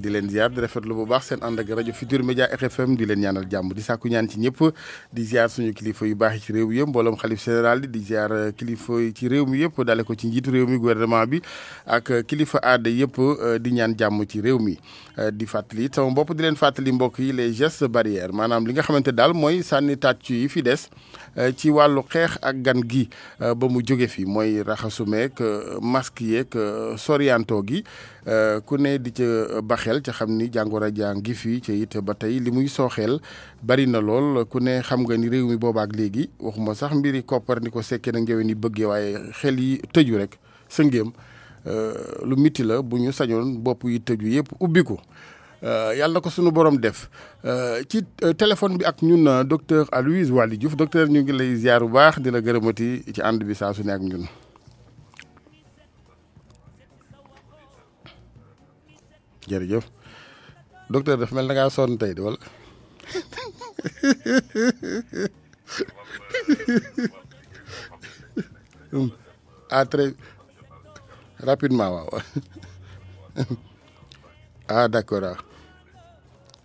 di leen ziar di rafetlu bu baax seen ànd ak rajo Futur Media RFM di leen ñaanal jàmm di sàkku ñaan ci ñëpp di ziar suñu kilifa yu baax yi ci réew mi yëpp mbooloom xalif général di ziar euh, kilifa yi ci réew mi yëpp dale ko ci njiitu réew mi gouvernement bi ak euh, kilifa aada yëpp euh, di ñaan jàmm ci réew mi. di fàttali it sama bopp di leen fàttali mbokk yi le gest barrières maanaam li nga xamante daal mooy sànni tàccu yi fi des ci wàllu xeex ak gan gi ba mu jóge fi mooy raxasumeeg masque yeeg sorianto gi ku di ca xel ci xam ni jàngoro jaa ngi fi ci it ba tey li muy sooxeel bari na lool ku ne xam nga ni réew mi boobaak léegi waxuma sax mbiri koppar ni ko sekkee na njëwee ni bëggee waaye xel yi tëju rek sëngéem euh, lu miti la bu ñu sañoon bopp yi tëju yëpp ubbiku euh, yàlla na ko suñu borom def euh, ci téléphone bi ak ñun docteur Aloyse Waly Diouf docteur ñu ngi lay ziar bu baax dina la gërëmati ci ànd bi saa su ne ak ñun. jërëjëf docteur daf mel na ngaa sonn tey de wala. ah très rapidement waaw ah d'accord waaw ah.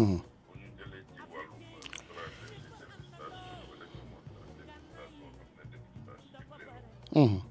Mm. Hmm.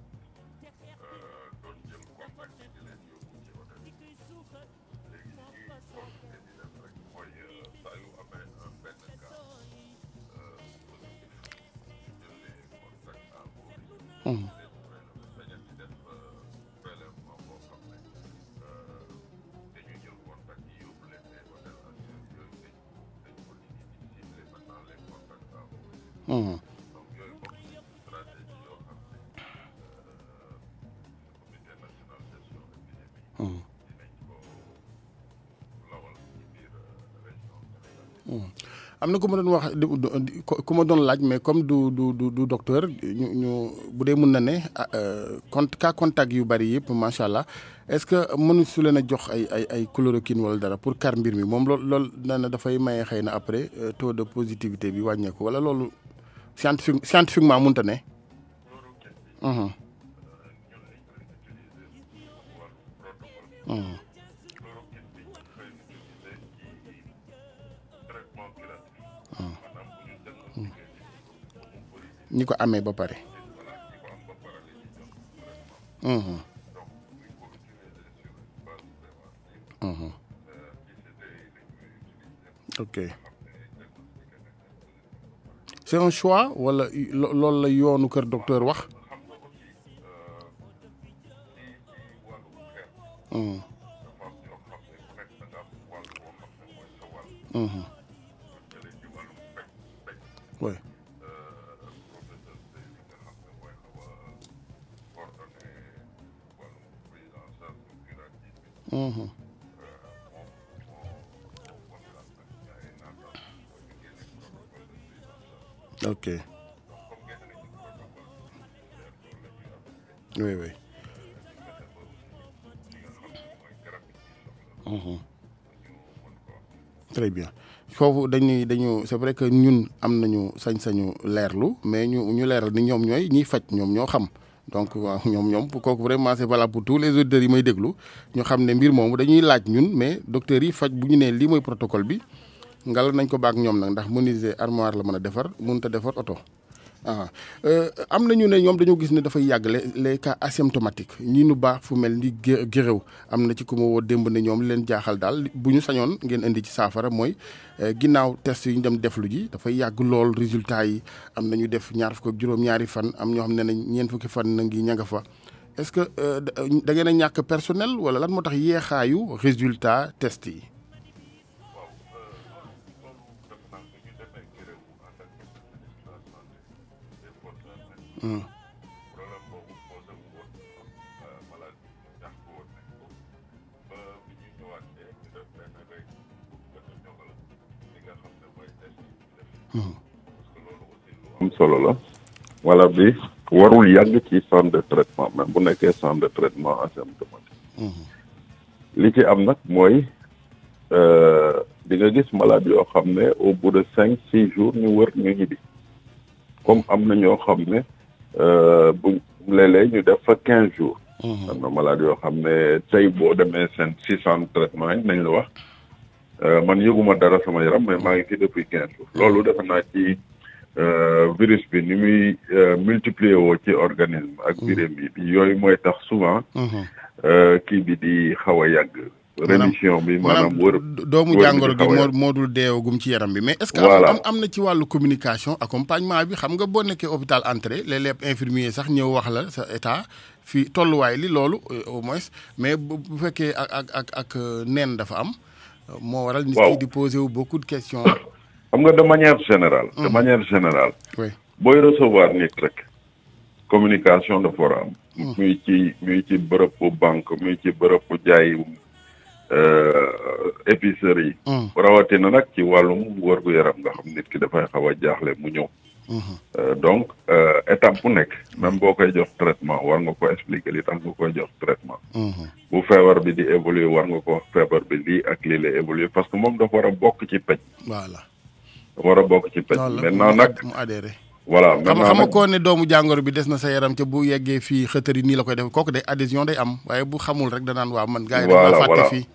am na ku ma doon wax ku ma doon laaj mais comme du du du du docteur ñu ñu bu dee mun na ne ah, euh, cont cas contact yu bari yëpp macha allah est-ce que mënu su leen a jox ay ay ay chloroquine wala dara pour kar mbir mi moom lool loolu nee na dafay maye xëy na après euh, taux de positivité bi wàññeeku wala loolu scientifique scientifiquement mënta ne. Mm-hmm. ñi ko amee ba pare. Mhm. Mhm. ok c'est un choix wala loolu la yoonu kër docteur wax. Mm-hmm. Mhm. Ok. Oui, oui. Mhm. Très bien. c'est vrai que nous, avons des sañ-sañu mais nous l'air. ni donc waaw vraiment c'est valable pour tous les autres yi may déglu ñu xam mbir moomu dañuy mais docteur yi faj bu ñu lii protocole bi nañ ko ndax armoire la mën a ah euh, am na ñu ne ñoom dañoo gis ne dafay yàgg les cas asymptomatiques ñi nu baax fu mel ni géréw am na ci ku ma woo démb ne ñoom leen jaaxal daal bu ñu sañoon ngeen indi ci saafara mooy euh, ginnaaw test yi ñu dem deflu ji dafay yàgg lool résultat yi am na ñu def ñaar fukk juróom-ñaari fan am ñoo xam ne nañ ñeent fukki fan na ngi ña nga fa est-ce que euh, da ngeen ñàkk personnel wala lan moo tax yeexaayu résultat test yi. problème boobu am solo la wala bi warul yàgg ci centre de traitement même bu nekkee centre de traitement asymptomatique. Mhm. li ci am nag mooy euh, di nga gis malade yoo xam ne au bout de cinq six jours ñu wër ñu ñibbi comme am na ñoo xam ne. Euh, bu ñu def fa quinze jours. Mhm. am na malade yoo xam ne tey boo demee seen six cent traitement yi nañ la wax euh, man yëguma dara sama yaram mais maa ngi ci depuis quinze jours mhm. loolu defe naa ci euh, virus bi ni muy multiplier woo ci organisme ak biréem mhm. bi yooyu mooy tax souvent kii bi di xaw yàgg rémission bi maanaam wër doomu jàngoro gi moo dul deewagum ci yaram bi mais est ce que am am na ci wàllu communication accompagnement bi xam nga boo nekkee hôpital entrée léeg-léeg infirmier sax ñëw wax la sa état fii tolluwaay li loolu euh, au moins mais bu fekkee ak ak ak euh, neen dafa am euh, moo waral nit ñi di posé wu beaucoup de questions xam nga de manière générale de mhm. manière générale booy recevoir nit rek communication de war a am mhm. muy ci muy ci bërëbu banque muy ci bërëbu euh épicerie yi hmm. rawatina nak ci walum wor gu yaram nga xam nit ki dafay xaw a jaaxle mu ñëw hmm. eh, donc euh étape bu nek même bokay jox traitement war nga ko expliquer li tax nga koy jox traitement hmm. bu fever bi di évoluer war nga ko wax feebar bi li ak li lay évoluer parce que mom dafa wara bok ci pej voilà wara bok ci pej maintenant nak mu adhérer voilà xam xam ko ne doomu jangoro bi dess na sa yaram ci bu yeggee fi xëtër ni la koy def koku day adhésion day am waye bu xamul rek da nan wa man gars yi dafa fàtte fii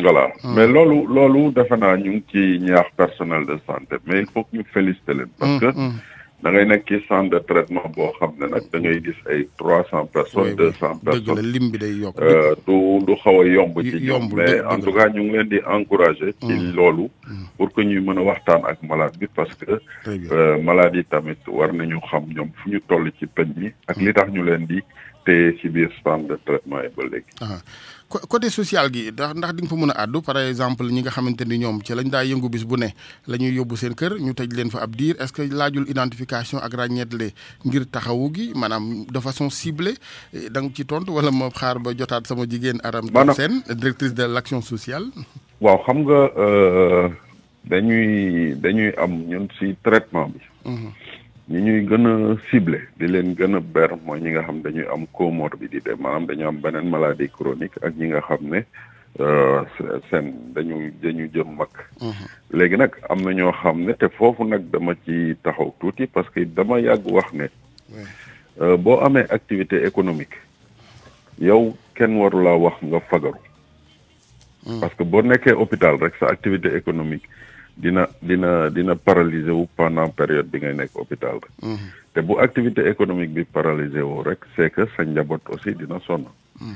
voilà ah. mais loolu loolu defe naa ñu ngi ci ñaax personnel de santé mais il faut ñu féliciter leen parce mm, que mm. dangay ngay nekk ci centre de traitement boo xam ne nag da ngay gis ay trois cent personnes deux cent personnes lim bi day yokk euh, du du xaw a yomb ci ñoom mais en tout cas ñu ngi leen di encourager ci mm. loolu pour que ñuy mën a waxtaan ak malade bi parce que euh, malade yi tamit war nañu xam ñoom fu ñu toll ci peñ bi ak li tax ñu leen di téye ci côté social gi ndax ndax di nga fa mën a àddu par exemple ñi nga xamante ni ñoom ci lañ daa yëngu bis bu ne la ñuy yóbbu seen kër ñu tej leen fa ab diir est-ce que laajul identification ak ràññeetle ngir taxawu gi maanaam de façon cible eh, da nga ci tontu wala ma xaar ba jotaat sama jigéen Aram seen directrice de l'action sociale waaw xam nga euh, dañuy dañuy am ñun ci traitement bi mhm. ñi ñuy gën a ciblé di leen gën a ber mooy ñi nga xam dañuy am comorbidité maanaam dañu am beneen maladie chronique ak ñi nga xam ne euh, seen dañu dañu jëm mag mm-hmm. léegi nag am na ñoo xam ne te foofu nag dama ci taxaw tuuti parce que dama yàgg wax ne euh, boo amee activité économique yow kenn warula wax nga fagaru mm. parce que boo nekkee hôpital rek sa activité économique dina dina dina paralysé wu pendant période bi ngay nekk hôpital mhm. te bu activité économique bi paralysé wu rek c'est que sa njaboot aussi dina sonn mhm.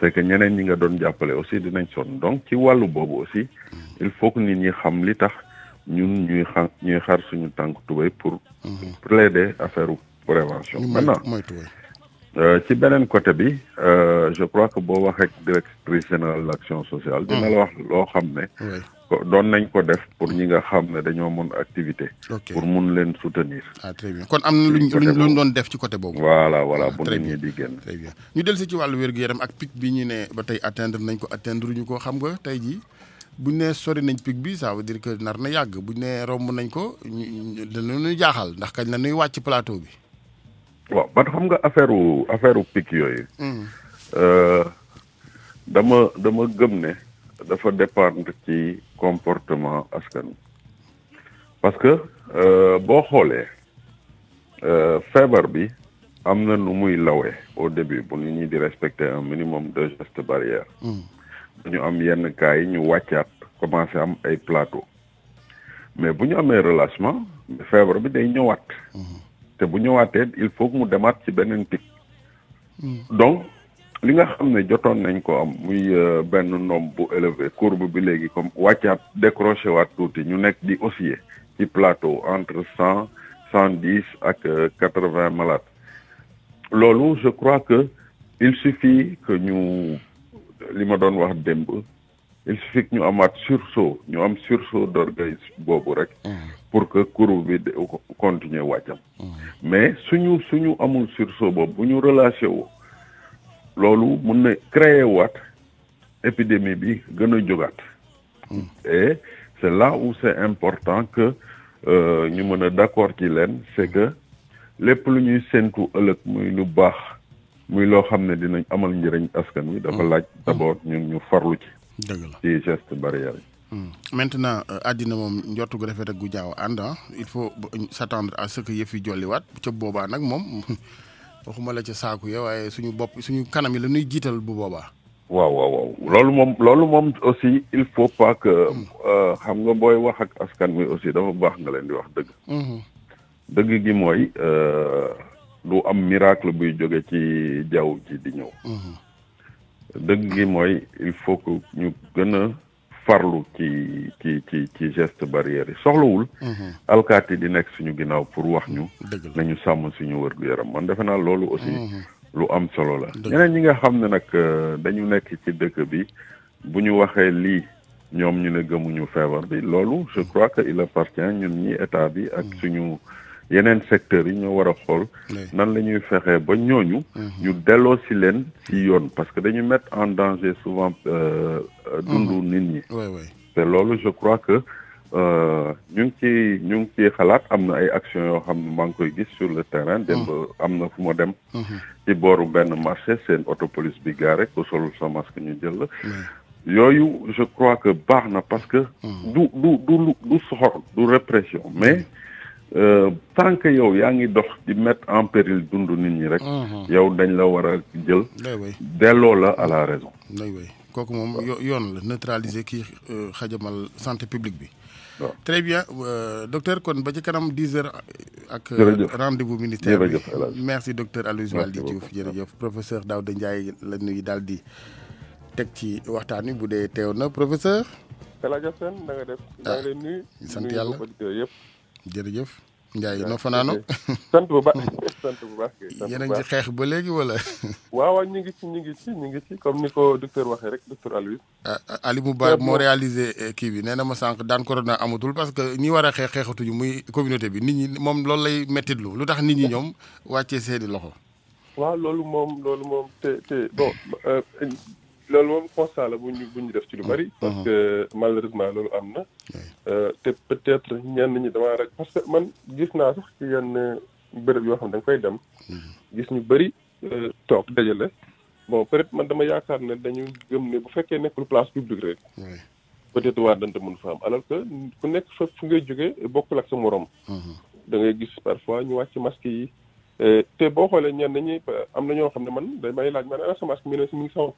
c'est que ñeneen ñi nga doon jàppale aussi dinañ sonn donc ci wàllu boobu aussi mhm. il faut que nit ñi xam li tax ñun ñuy xa ñuy xar suñu tànk tubéy pour plaider affaire prévention maintenant euh, ci beneen côté bi euh, je crois que boo wax rek directrice générale l'action sociale dina la wax loo xam ne ko doon nañ ko def pour ñi nga xam ne dañoo mun activité. pour mun leen soutenir. ah très bien kon am na luñ luñ doon def ci côté boobu. voilà voilà ah, bu nit ñi di génn. très bien si ci wàllu wér-gu-yaram ak pic bi ñu ne ba tey atteindre nañ ko atteindre ñu ko xam nga tey jii buñ ne sori nañ pic bi ça veut dire que nar na yàgg buñ ne romb nañ ko ñu dañu jaaxal ndax kañ la ñuy wàcc plateau bi. waaw ba xam nga affaire affaire pik yooyu. Hmm. Euh, dama dama gëm ne. dafa dépendre ci comportement askan parce que euh, boo xoolee euh, feebar bi am na nu muy lawee au début bu nit ñi di respecte un minimum de gestes barrières hmm. dañu am yenn cas yi ñu wàccaat commencé am ay plateau mais bu ñu amee relâchement feebar bi day ñëwaat hmm. te bu ñëwaatee il faut mu demaat ci beneen pic hmm. donc li nga xam ne jotoon nañ ko am muy euh, benn nombre bu élevé courbe bi léegi comme wàccaat décroché waat tuuti ñu nekk di osciller ci plateau entre cent cent dix ak euh, quatre vingt malades loolu je crois que il suffit que ñu li ma doon wax démb il suffit que ñu amaat sursaut ñu am sursaut d'orgueil boobu rek pour que courbe bi continuer wàccam mm. mais suñu suñu amul sursaut boobu bu ñu relâché woo loolu mun na créer waat épidémie bi gën a jógaat hmm. et c'est là où c'est important que euh, ñu mën a d'accord ci leen c'est que lépp lu ñuy séntu ëllëg muy lu baax muy loo xam ne dinañ amal njëriñ askan wi dafa hmm. laaj d'abord hmm. ñun ñu farlu ci dëgg la ci geste barrière yi maintenant euh, àddina moom njortugu gu rafet gu jaaw ànd ah. il faut s'attendre à ce que yëf yi jolliwaat ca boobaa nag moom waxuma la ca saaku ya waaye suñu bopp suñu kanam yi la ñuy jiital bu boobaa. waaw waaw waaw loolu moom loolu moom aussi il faut pas que hmm. euh, xam nga booy wax ak askan wi aussi dafa baax nga leen di wax dëgg. Hmm. dëgg gi mooy euh, du am miracle buy jóge ci jaww ji di ñëw. Hmm. dëgg gi mooy il faut que ñu gën farlu ci ci ci ci geste barrière yi soxlawul mhm. alkati di nekk suñu ginnaaw pour wax ñu nañu sàmm suñu wër gu yaram man defe naa loolu aussi mhm. lu am solo la ñeneen ñi nga xam ne nag euh, dañu nekk ci dëkk bi bu ñu waxee lii ñoom ñu ne gëmuñu feebar bi loolu je mhm. crois que il appartient ñun ñi état bi ak suñu mm -hmm. yeneen secteur yi ñoo war a xool nan la ñuy fexee ba ñooñu mhm. ñu delloo si leen si yoon parce que dañu mettre en danger souvent euh, euh, dundu mhm. nit ñi te loolu je crois que euh, ñu ngi ci ñu ngi ci xalaat am na ay actions yoo xam ne maa ngi koy gis sur le terrain mhm. démb am na fu ma dem ci booru benn marché seen autopolis bi gaare ko solul sa masque ñu jël la yooyu je crois que baax na parce que du du du du soxor du répression mais euh, tant que yow yaa ngi dox di mettre en péril dund nit ñi rek. Mhm. yow dañ la war a jël. delloo la à la raison. kooku moom yoon la neutraliser kii euh, xajamal santé publique bi. très bien euh, docteur kon ba ci kanam 10 heures ak. rendez-vous ministère bi merci docteur Aloyse Waly Diouf jërëjëf professeur Daouda Ndiaye la nuy daal di teg ci waxtaan wi bu dee teew na professeur. El Hadj da nga def. da nga ah, leen nuyu sant yàlla yëpp. jërëjëf. Ndiaye noo fanaano sant bu baax a ngi ci xeex ba léegi wala. waaw waaw ñu ngi ci ñu ci ñu ni ko docteur waxee rek docteur ah, ah, Aliou. Ali Mouba moo réalisé eh, kii bi nee na ma sanq daan corona amatul parce que ñi war a xeex xeexatuñu muy communauté bi nit ñi moom loolu lay mettitlu lu tax nit ñi ñoom wàccee seeni loxo. waaw loolu moom loolu moom te te euh, loolu moom constat la buñu ñu bu ñu def ci lu bari. Mm-hmm. parce que malheureusement loolu am na. Euh, te peut-être ñenn ñi dama rek parce que man gis naa sax ci yenn bërëb yoo xam ne da nga koy dem. Mm-hmm. gis ñu bari euh, toog dajale. bon peut-être man dama yaakaar ne dañu gëm ne bu fekkee nekkul place publique rek. peut-être waa dante mënu fa am alors que ku nekk fa fu ngay jógee bokkul ak sa morom. Mm-hmm. da ngay gis parfois ñu wàcc masque yi. Euh, te boo xoolee ñenn ñi am na ñoo xam ne man day may laaj man ana ah, sa masque mi uh-huh. ne si mu ngi sama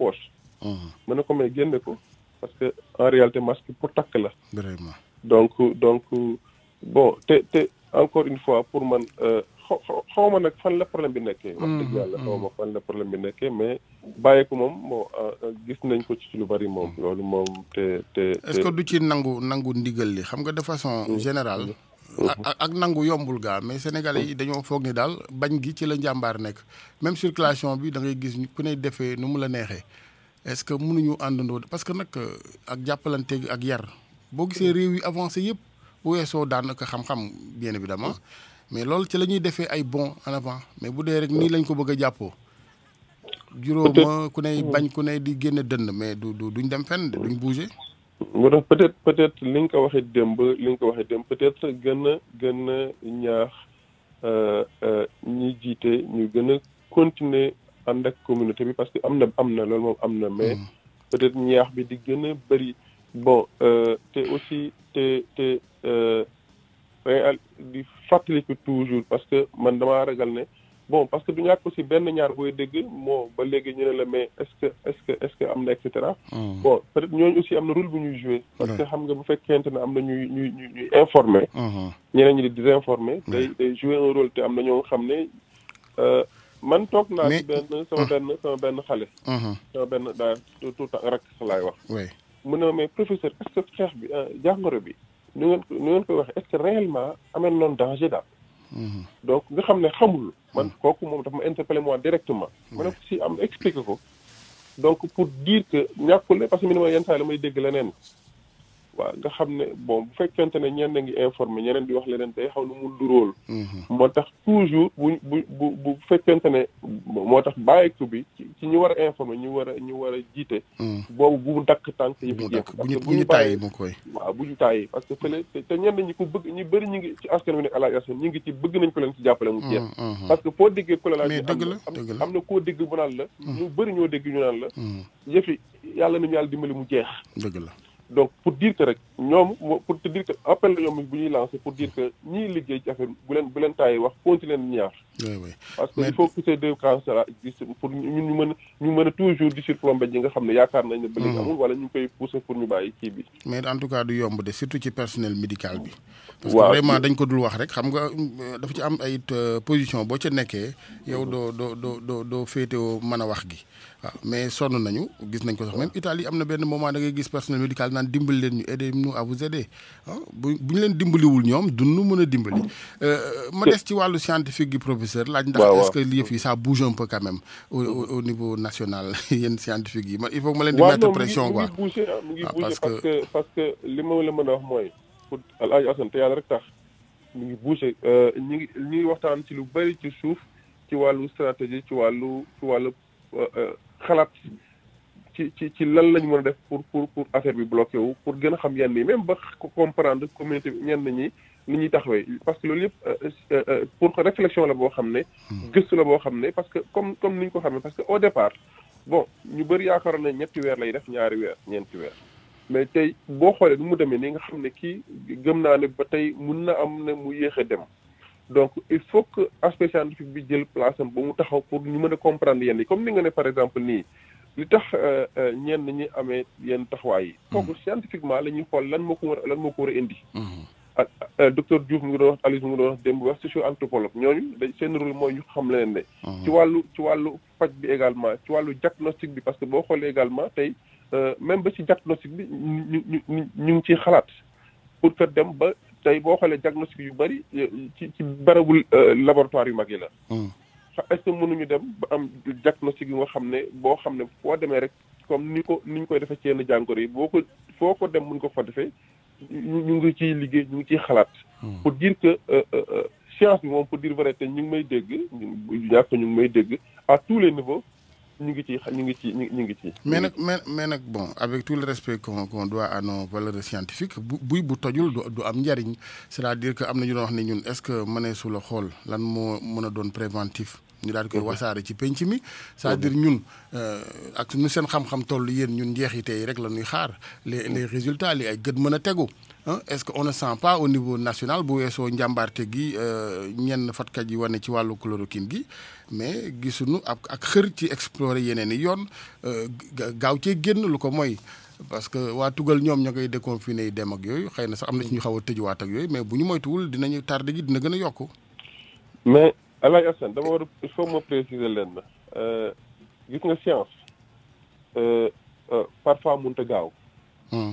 mën na ko may génne ko parce que en réalité masque pour takk la. vraiment donc donc bon te te encore une fois pour man euh, xaw ma nag fan la problème bi nekkee. wax dëgg mm-hmm. yàlla xaw ma mm-hmm. fan la problème bi nekkee mais bàyyi ko moom moo euh, gis nañ ko ci lu bari moom. Mm-hmm. loolu moom te te. est-ce que du ci nangu nangu ndigal li xam nga de général générale. ak nangu yombul ga mais sénégalais yi dañoo foog ni daal bañ gi ci la njàmbaar nekk même circulation bi da ngay gis ku ne defee nu mu la neexee est-ce que mënuñu àndandoo parce que nag euh, ak jàppalante ak yar boo gisee réew yi avancé yépp bu weesoo daanaka xam-xam bien évidemment mais loolu ci la ñuy defee ay bon en avant mais bu dee rek nii lañ ko bëgg a jàppoo juróoma ku ne bañ ku ne di génne dënd mais du du duñ dem fenn duñ bouger moo tax peut-être peut-être li nga ko waxee démb li nga waxee démb peut-être gën a gën ñaax euh, euh, ñi jiite ñu gën a continuer andak communauté bi parce que am na am na loolu moom am na mais hmm. peut-être ñaax bi di gën a bëri bon euh, te aussi te te di fàttaliku toujours parce que man damaa ragal ne bon parce que du ñàkk aussi benn ñaar booy dégg moo ba léegi ñu ne la mais est-ce que est-ce que est-ce que am na et cetera. Hmm. bon peut-être ñooñu aussi am na rôle bu ñuy jouer. parce que xam nga bu fekkente ne am na ñuy ñuy ñuy informer. Hmm. ñeneen ñi di désinformer. day day jouer un rôle te am na ñoo xam ne euh, man toog naa. ci benn hmm. sama benn sama benn xale. sama benn daal tout rak laay wax. oui mu ne mais professeur est-ce que xeex bi euh, jàngoro bi nu ngeen ko nu ngeen koy waxee est-ce que réellement amee noonu danger daal. donc nga xam ne xamul. man hmm. kooku moom dafa ma interpellé directement. ma ne si am expliqué ko. donc pour dire que ñàkkul ne parce que minimum yenn saa yi la may dégg leneen. waaw nga xam ne bon bu fekkente ne ñenn ngi informé ñeneen di wax leneen day xaw nu mu duróol mhm. moo tax toujours bu bu bu bu fekkente ne moo tax bàyyeeku bi ci ñu war a informé ñu war a ñu war a jiite mhm. boobu bu mu dakk tànk yëpp jeex parce que bu ñu tàyyi mu koy waaw bu ñu tàyyi parce que fële te ñenn ñi ku bëgg ñu bëri ñu ngi ci askan bi nekk àla ñu ngi ci bëgg nañ ko leen ci jàppale mu jeex mhm, parce que foo déggee ku la laaj am na koo dégg bu naan la ñu bëri ñoo dégg ñu naan la yëfi yàlla nañu yàlla dimbali mu jeex dëgg la donc pour dire que pour te dire que appel pour dire que ñi liggéey ci affaire bu bu wax parce que il faut que ces deux cas pour toujours di nga mais en tout cas du de surtout personnel médical parce que vraiment dañ ko dul wax rek xam nga euh, dafa euh, position de fait yow mais sonn nañu gis nañ ko sax même Italie am na benn moment da ngay gis personnel médical naan dimbali leen ñu aider nous à vous aider ah bu bu ñu leen dimbaliwul ñoom duñu mën a dimbali. Euh, ma des ci wàllu scientifique gi professeur. laaj ndax est-ce que yëf yi ça bouge un peu quand même au au niveau national yéen scientifique yi ma il faut ma leen di mettre pression quoi. Ah, ah, parce que parce que li ma la mën a wax mooy. pour El Hadj Assane te yàlla rek tax mu ngi bouge euh, ñu ngi ñu ngi waxtaan ci lu bëri ci suuf ci wàllu stratégie ci wàllu ci wàllu. Euh, xalaat ci ci ci lan lañu mën a def pour pour pour affaire bi bloqué wu pour gën a xam yenn yi même ba comprendre communauté bi ñenn ñi ni ñuy we parce que loolu yëpp euh, euh, euh, pour réflexion la boo xam ne. Hmm. gistu la boo xam ne parce que comme comme ni ñu ko xamee parce que au départ bon ñu bëri yaakaaroon ne ñetti weer lay def ñaari weer ñeenti weer. mais tey boo xoolee nu mu demee ni nga xam ne kii gëm naa ne ba tey mun na am ne mu yéex a dem. donc il faut que aspect scientifique bi jël place am ba mu taxaw pour ñu mën a comprendre yenn yi comme ni nga ne par exemple nii li tax euh, euh, ñenn ñi amee yenn taxawaay yi. kooku mm-hmm. scientifiquement la ñuy xool lan moo ko war lan moo ko war a indi. Mm-hmm. ak euh, docteur Diouf mu ngi doo wax Alice mu ngi doon wax démb wax socio anthropologue ñooñu dañ seen rôle mooy ñu xam leneen ne. Mm-hmm. ci wàllu ci wàllu faj bi également ci wàllu diagnostic bi parce que boo xoolee également tey même ba ci diagnostic bi ñu ngi ciy xalaat pour que dem ba. tey boo xoolee diagnostic yu bëri ci ci barabul euh, laboratoire yu mag yi la. Hmm. est-ce que mënuñu dem ba am diagnostic yu nga xam ne boo xam ne foo demee rek comme ni ko ni ñu koy defee ci yenn jàngoro yi boo ko foo ko dem mun ko fa defee ñu ngi ci liggéey ñu ngi ciy xalaat. Hmm. pour dire que euh, euh, science bi moom pour dire vrai te ñu ngi may dégg ñu ñàkk ñu ngi may dégg à tout les niveaux. ngi ci ngi ci ngi ci. mais mais mais nak, bon avec tout le respect qu'on qu'on doit à nos valeurs scientifiques bu buy bu tojul du am c'est-à-dire que amna ñu doon wax ñun est-ce que mëneesu la xool lan mo mona don doon préventif. ñu daal di koy mm-hmm. wasaare ci penc mi mm-hmm. c'est-à-dire ñun euh, ak ñu seen xam-xam toll yéen ñun njeexite yi rek la ñuy xaar les mm-hmm. les résultats li ay gët mën a tegu. est-ce que ne sent pas au niveau national bu weesoo njàmbaarte gi euh, ñenn fatka yi wane ci wàllu chloroquine gi mais gisunu ak ak xër ci explorer yeneen yi yoon euh, gaaw cee génn lu ko mooy parce que waa tugal ñoom ña ngay déconfiné yi dem ak yooyu xëy na sax am na ci ñu xaw a tëjuwaat ak yooyu mais bu ñu moytuwul dinañu tardé gi dina gën a yokk. mais El Hadj Assane dama war a il faut ma préciser leen na euh, gis nga science parfois mënut a gaaw. Hmm.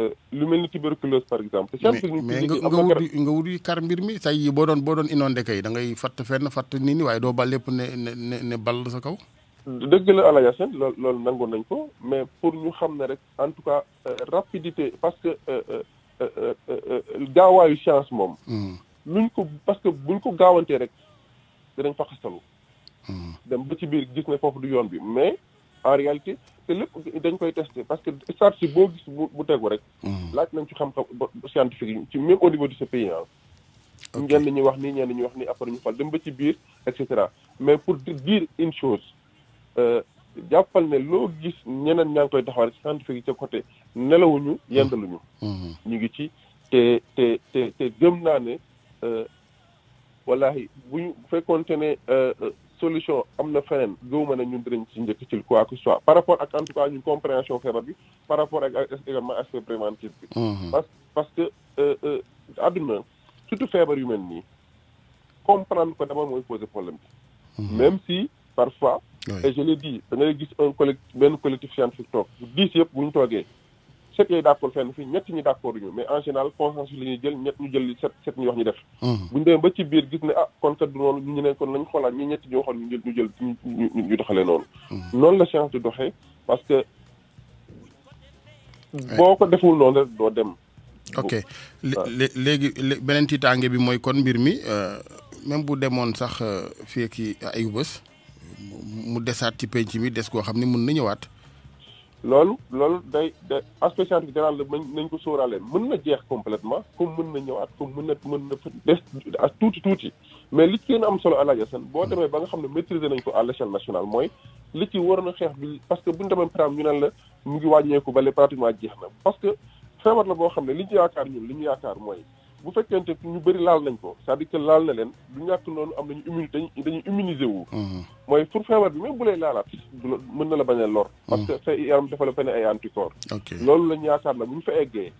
Euh, lu mel ni tuberculose par exemple. mais nga wut kar mbir mi say yi boo doon boo doon inondé kay da ngay fatt fenn fatt nit ñi waaye doo ba lépp ne ne ne ball sa kaw. dëgg la Alla Yacine lool loolu nangoon nañ ko mais pour ñu xam ne rek en tout cas euh, rapidité parce que euh, gaawaayu chance moom. Hmm. luñ ko parce que buñ ko gaawantee rek danañ fa xastalu hmm. dem ba ci biir gis ne foofu du yoon bi mais en réalité te lépp dañ koy testé parce que sart si boo gis bu bu tegu rek. Hmm. laaj nañ ci xam-xam scientifique yi ci même au niveau de ce pays ah. ok ñenn ñi wax ni ñenn ñi wax ni après ñu xool dem ba ci biir et cetera mais pour dire une chose euh, jàppal ne loo gis ñeneen ñaa ngi koy taxawal scientifique yi ca côté nelawuñu hmm. yendaluñu. Hmm. ñu ngi ci te te te te gëm naa ne euh, wallahi bu ñu fekkoonte ne. Euh, solution am na feneen gëwuma ne ñun dinañ ci njëkk ci quoi que soi par rapport ak en tout cas ñun compréhension feebar bi par rapport ak également aspect préventif bi mhm. parce que adduna euh, euh, surtout feebar yu mel nii comprendre ko d'abord mooy poser problème bi mhm. même si parfois et je l'ai dit da ngay gis un collectif benn collectif scientifique toog dix yëpp bu ñu toogee sept yooyu d'accord fenn fii ñett ñi d'accord ñu mais en général consensus li ñuy jël ñett ñu jël li set ñu wax ñu def hmm. buñu demee ba ci biir gis ne ah kon kat du noonu ñu ne kon lañ xoolaat ñi ñetti ñu waxoon ñu jël ñu jël ñu doxalee noonu hmm. noonu la science di doxee parce que hmm. boo ko deful noonu rek doo dem ok léegi beneen tiitaange bi mooy kon mbir mi euh, même bu demoon sax euh, fii ak ay bés mu desaat ci penc mi des koo xam ni mun na ñëwaat loolu loolu day day aspect scientifique général la nañ ko sooraalee mën na jeex complètement comme mën na ñëwaat comme mën na mën na des ak tuuti tuuti mais li ci gën am solo àlaaja seen boo hmm. demee ba nga xam ne maîtriser nañ ko à l' national mooy li ci waroon a xeex bi parce que bu ñu demee par ñu naan la mu ngi wàññeeku bale pratiquement jeex na parce que feebar la boo xam ne li ñu yaakaar ñun li ñu yaakaar mooy bu fekkente ñu bëri laal nañ ko sa dire que laal na leen du ñàkk noonu am nañu immuni dañuy dañu immuniser wu. Mm-hmm. mooy pour feebar bi même bu lay laalaat la mën na la bañ a lor. Mm-hmm. parce que sa yaram développé na ay anticorps. loolu lañ yaakaar nag bu ñu fa eggee.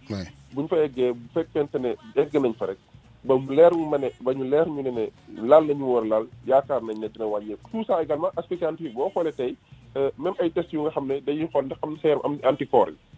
bu ñu fa eggee bu fekkente ne egg nañ fa rek. ba mu leer mu ma ne ba ñu leer ñu ne ne laal la ñu war laal yaakaar nañ ne dina wàññeeku tout sa également aspect scientifique boo xoolee tey euh, même ay tests yu nga xam ne dañuy xool ndax am na sa yaram am anticorps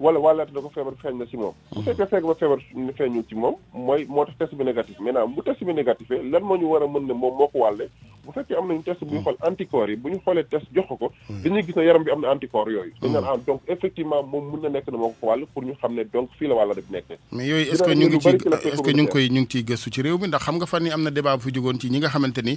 wala wàllaate na ko feebar feeñ na si moom mhm. bu fekkee fekk ba feeñul ci moom mooy moo tax test bi négatif maintenant bu test bi négatif lan moo ñu war a mën ne moom moo ko wàlle bu fekkee am nañu test bu ñu mhm. xool anticorps yi bu ñu xoolee test jox ko mhm. dañuy gis ne yaram bi am na anticorps yooyu dañ naan ah donc effectivement moom mun na nekk ne moo ko wàll pour ñu xam ne donc fii la wàlla def nekk mais yooyu est ñu ngi ci est ñu ngi koy ñu ngi ciy gëstu ci réew mi ndax xam nga fan ni am na débat bu jógoon ci ñi nga xamante ni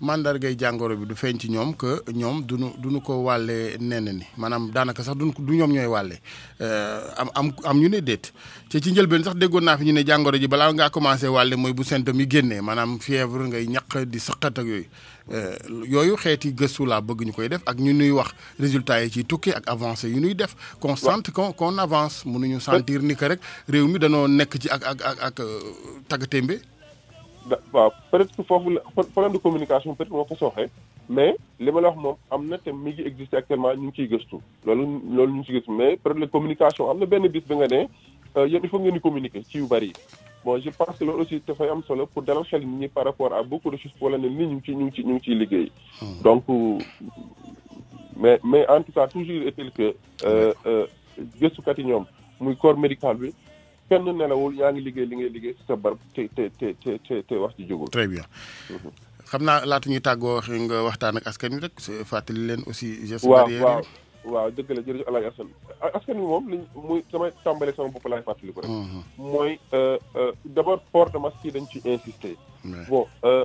mandargay jàngoro bi du feeñ ci ñoom que ñoom du nu du ko wàlle nee na ni maanaam daanaka sax dun du ñoom ñooy wàllee euh, am am am ñu ne déet ci ci njëlbeen sax déggoon naa fi ñu ne jàngoro ji balaa ngaa commencé wàlle mooy bu symptôme mi génnee maanaam fièvre ngay ñaq di sëqat ak yooyu euh, yooyu xeeti gëstu laa bëgg ñu koy def ak ñu nuy wax résultats yi ciy tukki ak avancé yu nuy def. qu'on sente qu'on qu'on avance mënuñu santir ni que rek réew mi danoo nekk ci ak ak ak ak euh, waaw bah, bah, peut être que foofu la problème de communication peut être moo ko sooxee mais li ma la wax moom am na te mi ngi existe actuellement ñu ngi ciy gëstu loolu loolu ñu ngi ciy gëstu mais peut être la communication am na benn bis bi nga ne euh, yéen il faut ngeen di communiquer ci yu bari yi bon je pense que loolu aussi dafay am solo pour dalal xel nit ñi par rapport à beaucoup de choses wala ne nit ñu ci ñu ci ñu ngi ciy liggéey hmm. donc euh, mais mais en tout cas toujours est-il que euh, gëstukat yi ñoom muy corps médical bi kenn nelawul yaa ngi liggéey li ngay liggéey si sa barab te te te wax ci jógul. très bien mm-hmm. xam naa laata ñuy tàggoo nga waxtaan ak askan wi rek fàttali leen aussi. gestes barrières waaw waaw waaw dëgg la jërëjëf El a Assane askan wi moom liñ muy damay tàmbalee sama bopp laay fàttali ko rek. Mm-hmm. mooy euh, euh, d' abord port de masque yi dañ ci insister. bon euh,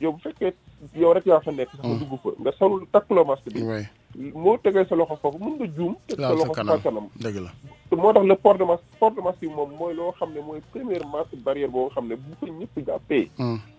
yow bu fekkee yow rek yaa fa nekk sax nga mm. dugg fa nga solul takkuloo masque bi moo tegee sa loxo foofu mën nga juum teg sa loxo sa kanam moo tax le port de masque port de masque bi moom mooy loo xam ne mooy première masque barrière boo xam ne bu ko ñëpp jàppee mm.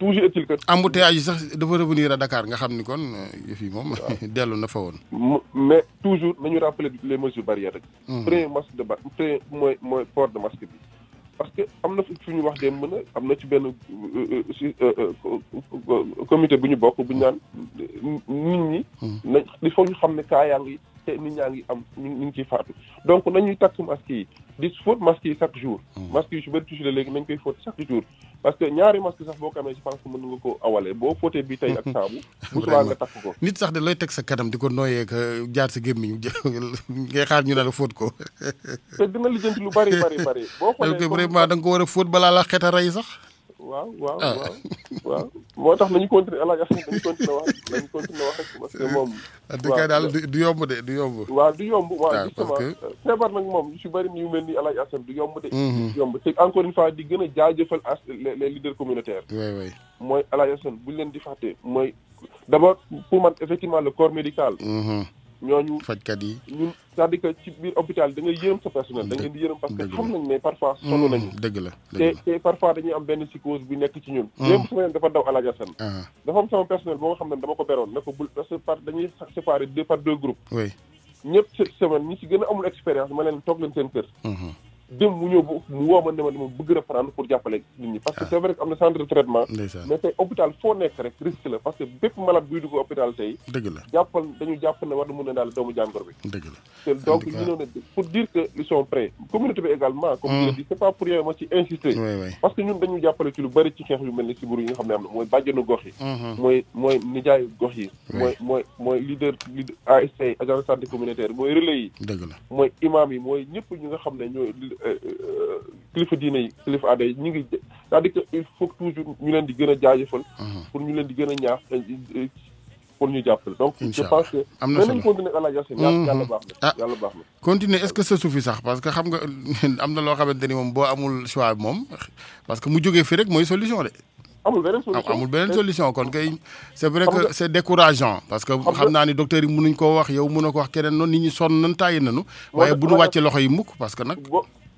toujours est-il que. embouteillage sax dafa revenir à Dakar nga xam ni kon euh, yëf yi moom. dellu na fa woon. mais toujours nañu rappeler les mesures barrières rek. premier mhm. masque de ba premier mooy mooy port de masque bi. parce que am na fu ñu wax dem mën a am na ci benn si euh, euh, comité bu ñu bokk bu ñu naan nit ñi. Mhm. nañ il faut ñu xam ne kaa ngi te nit ñaa ngi am ñu ngi ciy faatu donc nañuy takk masque yi. di fóot masque yi chaque jour. Hmm. masque yi su bëri toujours léegi nañ koy fóot chaque jour. parce que ñaari masque sax boo ko amee je pense que mën nga ko awalee boo fóotee bi tey ak saabu. bu subaa nga takk ko. nit sax de looy teg sa kanam di ko nooyee euh, jaar sa gémmiñ ngay xaar ñu ne la fóot ko. te dina lijjanti lu bari bari boo xoolee nga ko war a fóot balaa la xet a rey sax. waaw ah. waaw waaw moo tax nañu continuer El Hadj Assane dañu continuer wax dañu continuer wax rek parce que moom. waaw en tout cas daal du yomb de du yomb. waaw du yomb waaw ah, justement feebar nag moom su bëri yu mel ni El Hadj Assane du yomb de. Mhm. du yomb te encore une fois di gën a jaajëfal as les leaders communautaires. oui mooy El Hadj bu buñ leen di fàtte mooy d' abord pour man effectivement le corps médical. Mhm. ñooñu fajkat yi ñun sa à dire ci biir hôpital da ngay yërëm sa personnel da ngeen di yërëm parce que xam nañ ne parfois mm, sonn nañu dëgg la te te parfois dañuy am benn psychose bu nekk ci ñun lépp sama yoon dafa daw alaaj Assane ah. dafa am sama personnel boo nga xam ne dama ko beroon ne ko bul parce que par dañuy séparé deux par deux groupes oui ñëpp cette si gën a amul expérience ma leen toog leen seen kër mm-hmm. dem mu ñëw mu woo ma ne ma bëgg reprendre pour jàppale nit ñi. parce que ah. c'est vrai am na centre traitement. mais tey hôpital foo nekk rek risque la parce que bépp malade buy dugg hôpital tey. dëgg la jàppal dañu jàpp ne war na mën a daal doomu jàngor bi. dëgg la parce que ñun dañu jàppale ci lu bari ci xeex yu mel ni si buru yi nga xam ne am na mooy bàjjenu gox yi. Hmm, hmm. mooy mooy nijaayu gox yi. mooy mooy mooy leader leader ASC agence communautaire mooy Euh, euh, kilifa diine yi kilifa aada ñu ngi c'est-à-dire que il faut toujours ñu mhm. pour ñu leen di gën a ñaax euh, ñu jàppale. donc je na solo nañ continuer mhm. na ah. yàlla baax na. continuer est-ce que ça suffit sax parce que xam nga na loo xamante ni moom boo amul choix moom parce que mu jógee fi rek mooy solution de. amul beneen solution amul beneen kon kay. c'est vrai que c'est décourageant. parce que xam naa ni docteur yi mënuñ koo wax yow mën a ko wax keneen noonu nit ñi sonn nan tàyyi nañu. waaye bu ñu wàccee loxo yi mukk parce que nag.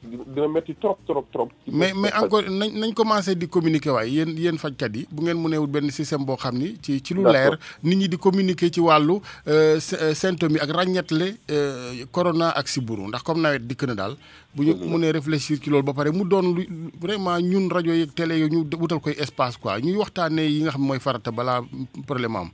dina métti trop trop trop. mais mais encore nañ nañ commencé di communiquer waay yéen yéen fajkat yi bu ngeen mënewul benn système boo xam ni ci ci lu leer nit ñi di communiquer ci wàllu euh, euh, symptômes yi ak ràññetle euh, corona ak sibbiru ndax comme nawet dikk na daal. bu ñu mënee réfléchir ci ba pare mu doon lu vraiment ñun rajo yeeg télé yooyu ñu wutal koy espace quoi ñuy waxtaanee yi nga xam mooy farata balaa problème am.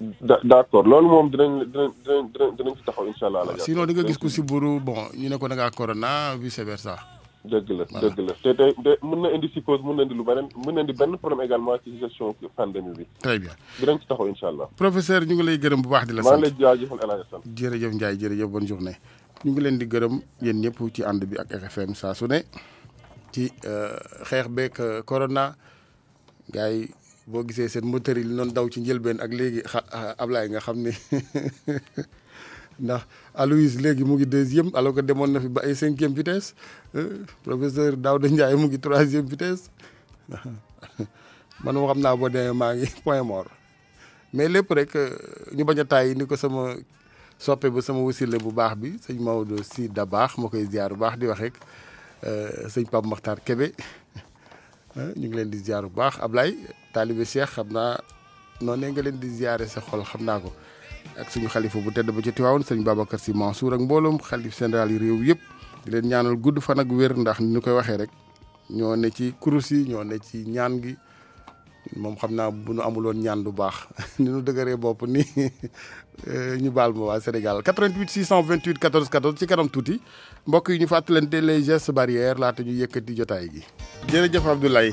d' loolu moom dinañ dinañ dinañ ci taxaw allah. sinon di nga gis ku si buru bon ñu ne ko da ngaa corona vice versa. dëgg la dëgg mën na indi suppose mën na indi lu beneen mën na indi benn problème également ci gestion pandémie bi. très bien dinañ ci taxaw incha allah. professeur ñu ngi lay gërëm bu baax di la. sant maa ngi lay jaajëfal El Hadj Assane. jërëjëf Ndiaye jërëjëf bonne journée ñu ngi leen di gërëm yéen ñëpp ci ànd bi ak RFM saa su ne ci euh, xeex beeg euh, corona gars yi boo gisee seen moteur yi noonu daw ci njëlbeen ak léegi xa ah, Ablaye nga xam ne ndax Aloyse léegi mu ngi deuxième alors que demoon na fi ba ay cinquième vitesse euh, professeur Daouda Ndiaye mu ngi troisième vitesse man moo xam naa boo demee maa ngi point mort mais lépp rek euh, ñu bañ a tàyyi ni ko sama soppe ba sama wasile bu baax bi sëñ Maodo si da baax ma koy ziar baax di wax rek euh, sëñ Pape Makhtar kebe ñu ngi leen di ziar bu baax Ablaye taalibe Cheikh xam naa noonu nga leen di ziare se xol xam naa ko ak suñu xalifa bu tedd ba ci Tiwaawoon sëñ Babacar Sy Mansour ak mbooloom xalif général yi réew yëpp di leen ñaanal gudd fan ak ndax ni ñu koy waxee rek ñoo ne ci kurus yi ñoo ne ci ñaan gi moom xam naa bu nu amuloon ñaan du baax nu nu dëgëree bopp ni ñu baal ma waa Sénégal 88 628 14 14 ci kanam tuuti mbokk yi ñu fàttalante les gestes barrières laata ñu yëkkati jotaay gi jërëjëf Abdoulaye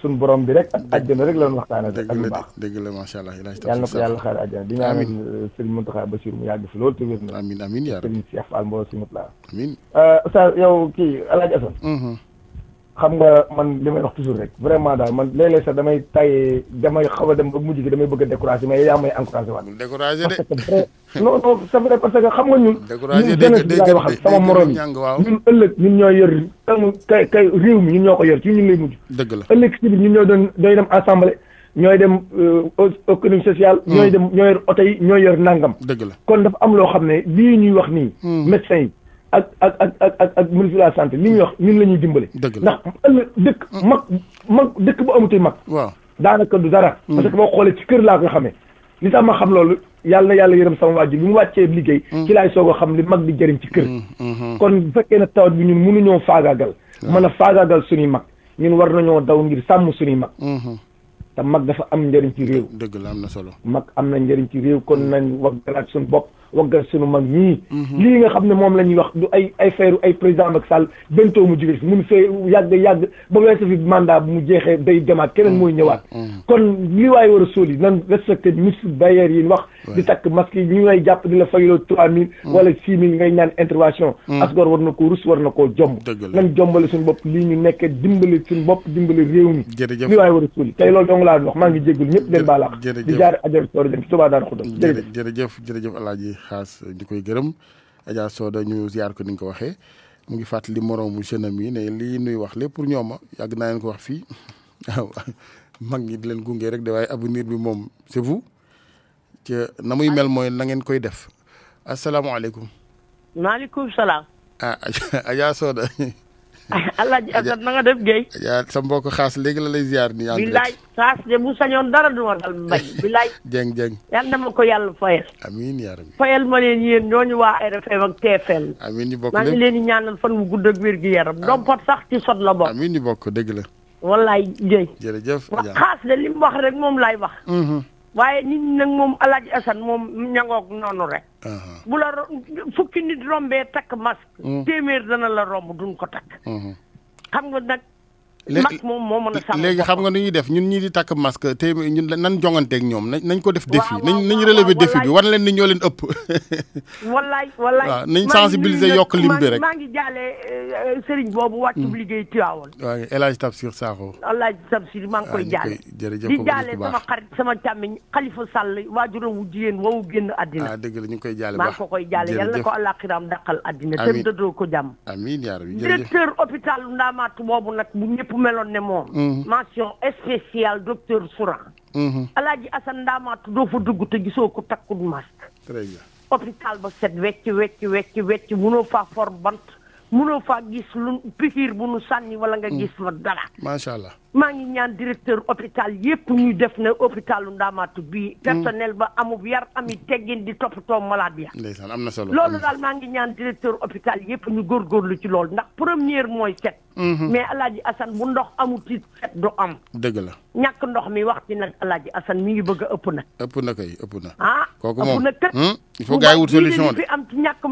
suñ borom bi rek ak àjjana rek la doon waxtaane rek ak lu baax dëgg la macha allah yàlla na ko yàlla xaar àjjana di ñaan sëriñ Mountakha Bachir mu yàgg fi loolu te yaa sëriñ Cheikh Fall xam nga man li may toujours rek vraiment daal man léeg-léeg sax damay tay damay xaw a dem ba mujj gi damay bëgg a découragé mais yaa may encouragé waat. découragé de non non c'est vrai parce que xam nga ñun. découragé de de de waxal sama morom yi ñun ëllëg ñun yor amu kay kay réew mi ñun ñoo ko yor ci ñun lay mujj. dëgg la ëllëg si biir ñun ñoo doon ñooy dem assemblée. ñooy dem économie euh, sociale. ñooy hmm. dem ñooy yor oto yor nangam. dëgg la kon dafa am loo xam ne lii ñuy wax nii. Hmm. médecins yi. ak ak ak ak ak ak ministre santé li ñuy wax ñun la ñuy dimbale. dëgg la ndax ëllëg dëkk mag mag dëkk bu amuti mag. waaw daanaka du dara. Hmm. parce que boo xoolee ci kër laa ko xamee. li tax ma xam loolu yàlla yàlla yërëm sama waajur bi mu wàccee liggéey. Hmm. ci laay soog xam li mag di jëriñ ci kër. Hmm, kon bu fekkee na tawat bi ñun mënuñoo faagaagal. mën a faagaagal suñuy mag ñun war na ñëw daw ngir sàmm suñuy mag. te mag dafa am njëriñ ci réew. dëgg la am na solo. mag am na njëriñ ci réew kon nañ wax suñu bopp waggal sunu mag ñii. Mhm. lii nga xam ne moom la ñuy wax du ay ay feeru ay président Macky Sall bentoo mu jóge si mun fee yàgg yàgg ba weesu fi mandat bu mu jeexee day demaat keneen mhm. mooy ñëwaat. Mhm. kon li waaye war a sóoli nan respecté ministre Bayer yi wax. di takk masque yi ñu ngay jàpp di la fayloo trois mille mm. wala six mille ngay ñaan intervention mm. asgor war na ko rus war na koo jomb nañ jombale suñu bopp lii ñu nekkee dimbali suñu bopp dimbali réew mi li waaye war a suuli tey loolu dong laa wax maa ngi jéggul ñëpp leen baalaax di jaar ajal soor dem ci tubaa daara xudam jërëjëf jërëjëf jërëjëf alaaji xaas koy gërëm Adja Soda ñu ziar ko ni nga ko waxee mu ngi fàttali moroomu jeunam yi ne lii nuy wax lépp pour ñoom ma yàgg naa leen ko wax fii waaw mag ñi di leen gunge rek de waaye avenir bi moom c'est na muy mel mooy nangeen koy def asalaamaaleykum. maaleykum salaam. ah Adja Soda. allah ji asat na def Guèye. Adja sa mbokk xaas léegi la lay ziar nii. en direct billaay de bu sañoon dara du ma dal mbay. billaay jeng jeng. yal na ma ko yàlla fayal. amiin yaa rabbi. fayal ma leen yéen ñooñu waa RFM ak TFM. amiin ñu bokk leen di ñaanal fan wu gudd ak wér gi bokk. amiin ñu bokk dëgg la. xaas de li mu rek moom laay wax. Mm-hmm. waaye nit ñi nag moom Alaaji Asan moom ñangoog noonu rek. Uh-huh. bu la fukki nit rombee takk masque. Mm. téeméer dana la romb duñ ko takk. Mm-hmm. xam nga masque moom moo mën léegi xam nga nu ñuy def ñun ñii di takk masque te ñun nan jonganteeg ñoom nañ ko def. défi nañ nañ relever défi bi war leen ni ñoo leen ëpp. wallaay wallaay waaw nañ sensibiliser yokk lim bi rek maa ngi jàllee eh, eh, sëriñ boobu wàccu mm. liggéey Tiwaawoon. waaw El Hadj Tafsir Sakho. El Hadj Tafsir maa ngi koy jàllee jërëjëf di jàllee sama xarit sama càmmiñ Khalifa Sall wu génn àddina. Ah, dëgg la ñu koy jaale baax maa ngi ko koy jàllee yàlla na ko àllaaxiraam dàqal àddina te dëddoo ko jàmm amiin yaa rabbi directeur hôpital Ndaamaatu boobu nag bu ñëpp ku meloon ne moom. Mhm. mention spéciale docteur Souran. Mhm. Alaaji Assane Ndaamaatu doo fa dugg te gisoo ko takkul masque. très bien hôpital ba set wecc wecc wecc wecc munoo faa for bant munoo faa gis lu piqûre bu nu sànni wala nga mhm. gis fa dara. macha allah. maa ngi ñaan directeur hôpital yépp ñu def na hôpitalu Ndamatou bi mm. personnel ba amub yar ami teggin di toppatoo malade ya ndeysaan am na solo loolu daal maa ngi ñaan directeur hôpital yépp ñu góorgóorlu ci loolu ndax première mooy set mm-hmm. mais Alaaji Assane bu ndox amul ci set du am dëgg la ñàkk ndox mi wax ci nag Alaaji Assane mi ngi bëgg ëpp na ëpp na kay ëpp na ah kooku moom ëpp na kër hmm? il faut gars yi wut solution de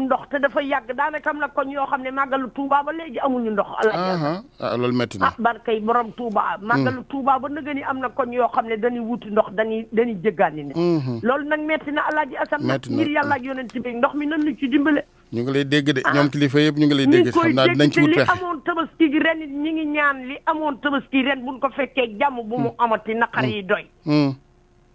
ndox te dafa yàgg daanaka am na koñ yoo xam ne màggalu Touba ba léegi amuñu ndox Alaaji ah, ah. Ah, loolu métti na ah borom Touba Touba. màggalu mm. Touba ba nëgë am na koñ yoo xam ne dañuy wuti ndox dañuy dañuy jéggaani ne. Mm-hmm. loolu nag metti na alaaji asan nag ngir yàlla ak yonent bi ndox mi nan ñu ci dimbale. ñu ngi lay dégg de ñoom ah. kilifa yëpp ñu ngi lay dégg xam naa dinañ ci wut pexe li amoon tabaski gi ren ñi ngi ñaan li amoon tabaski ren buñ ko fekkee jàmm bu mu mm. amati naqar yi doy mm.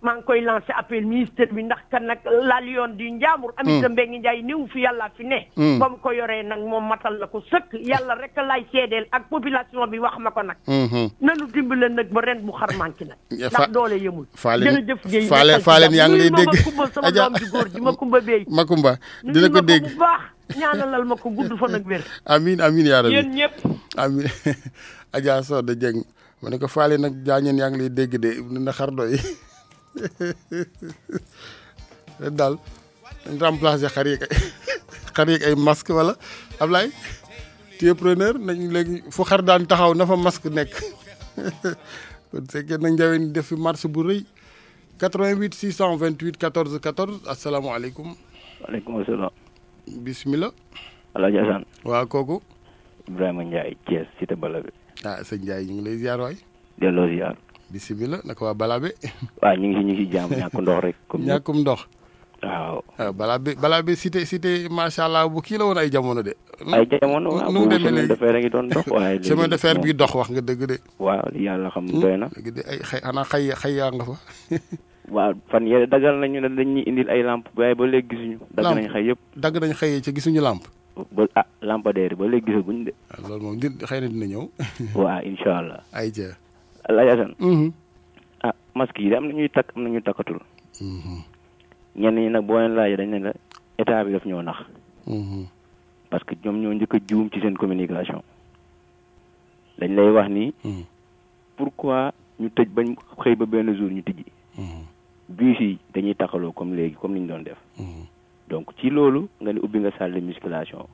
maa ngi koy lancé appel ministère bi ndax kan nag laal yoon di njaamur. Hmm. Aminata Mbengue Ndiaye néew fi yàlla fi ne. Hmm. ba mu ko yoree nag moom matal la ko sëkk yàlla rek laay seedeel ak population bi wax ma ko nag. Hmm, nanu dimbale nag ba ren bu xar manqué nag. ndax doole yemul. Faaleen Faaleen yaa ngi lay dégg sama doom ji góor ji Makumba Bey. Makumba dina ko dégg bu baax ñaanalal ma ko gudd fa nag wér. amiin amiin yaa rabbi yéen ñëpp. amiin Adja Sow de Dieng ma ne ko Faaleen nag jaañeen yaa ngi lay dégg de na xar doy. daal dañ remplacé xar yeeg ay xar wala Ablaye tu es preneur nañ léegi fu xar daan taxaw na fa masque nekk kon c'est que nag njaween def fi marche bu rëy 88 628 14 14 asalaamaaleykum. waaleykum salaam. bisimilah. Alaaji Assane. waa kooku. Ibrahima Ndiaye Thiès cité Bala bi. ah sëñ Ndiaye ñu ngi lay ziar waay. bisimilah naka waa Balabe. wa ñi ah, ngi si ñu ngi si ndox rek. comme ñakum ndox. waaw. Ah, Balabe Balabe cité cité machallah bu ki la won ay jamono de. ay jamono wa ñu mu demee léegi chemin doon dox. waaye léegi chemin de bi dox wax nga deug de. waaw yalla xam doyna na. de ay xey ana xey xey ya nga fa. wa fan ye iya, dagal nañu ne dañuy indil ay lampe eh, bay ba leg gisunu dag nañ xey yep dag nañ xey ci gisunu lamp. Oh, ba ah lampadaire ba léegi gisaguñ de. waaw ah, loolu moom di dina ñëw. Oh. waaw incha allah. ay lajasan ah masque yi am na ñuy takk am na ñuy takkatul ñenn ñi nag boo leen laajee dañ ne la état bi daf ñoo nax parce que ñoom ñoo njëkk a juum ci seen communication dañ lay wax ni pourquoi ñu tëj bañ xëy ba benn jour ñu tijji bus yi dañuy taxaloo comme léegi comme ni ñu doon def donc ci loolu nga ne ubbi nga salle de musculation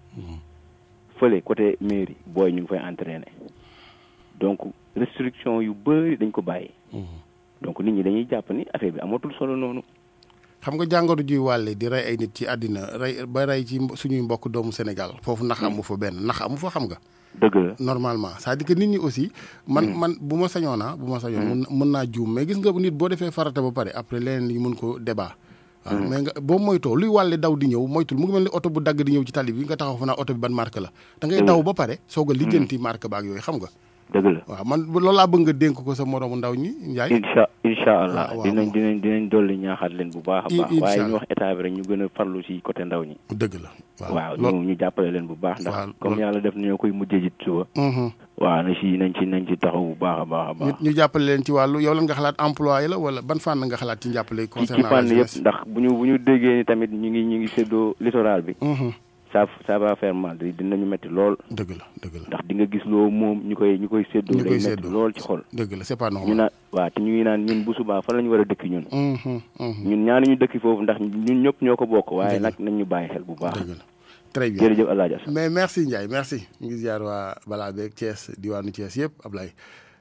fële côté mairie booy ñu ngi fay entraîner donc restriction yu bëri dañ ko bàyyi. Mhm. donc nit ñi dañuy jàpp ni affaire bi amatul solo noonu. xam nga jàngoro juy wàlle di rey ay nit ci adina rey ba rey ci suñuy mbokk doomu Sénégal foofu nax amu fa benn nax amu fa xam nga. dëgg normalement que nit ñi aussi. man mhm. man bu ma buma ah bu ma sañoon. mën mhm. naa juum mais gis nga nit boo defee farata ba pare après leneen li mën ko débat. waaw ah, mais nga boo moytoo luy wàlle daw di ñëw moytul mu ngi mel ni oto bu dagg di ñëw ci tali bi nga taxaw bi ban marque la. da ngay daw ba pare soog a lijjanti marque baag yooyu xam nga. dëgg la waaw man loolu laa bëgg nga dénk ko sa moromu ndaw ñi Ndiaye. incha incha ah, allah dinañ dinañ dinañ dolli ñaaxaat leen bu baax a baax. waaye ñu wax état bi rek ñu gën a farlu si côté ndaw ñi. dëgg la waaw ñu ñu jàppale leen bu baax. ndax comme yàlla def nañoo koy mujjee ji suba. Mm-hmm. waaw na si ci bu baax a baax ñu jàppale leen ci wàllu yow la nga xalaat employé la wala ban fànn nga xalaat ci njàppale. concernant ci fànn yëpp ndax bu ñu bu ñu déggee tamit ñu ngi ñu ngi séddoo littoral bi mm-hmm. ça ça va faire mal dinañu métti lool. dëgg la dëgg la ndax di nga gis loo moom ñu koy ñu koy séddoo. ñu koy lool ci xol. dëgg la c'est pas normal ñu naan waaw te ñu ngi naan ñun bu subaa fan la ñu war a dëkk ñun. Mm-hmm, mm-hmm. ñun ñaanu ñu dëkk foofu ndax ñun ñëpp ñoo ko bokk. waaye nag nañ ñu bàyyi xel bu baax. dëgg la très bien jërëjëf El mais merci Ndiaye merci. ñu ngi ziar waa balaa beeg Thiès diwaanu Thiès yëpp Ablaye.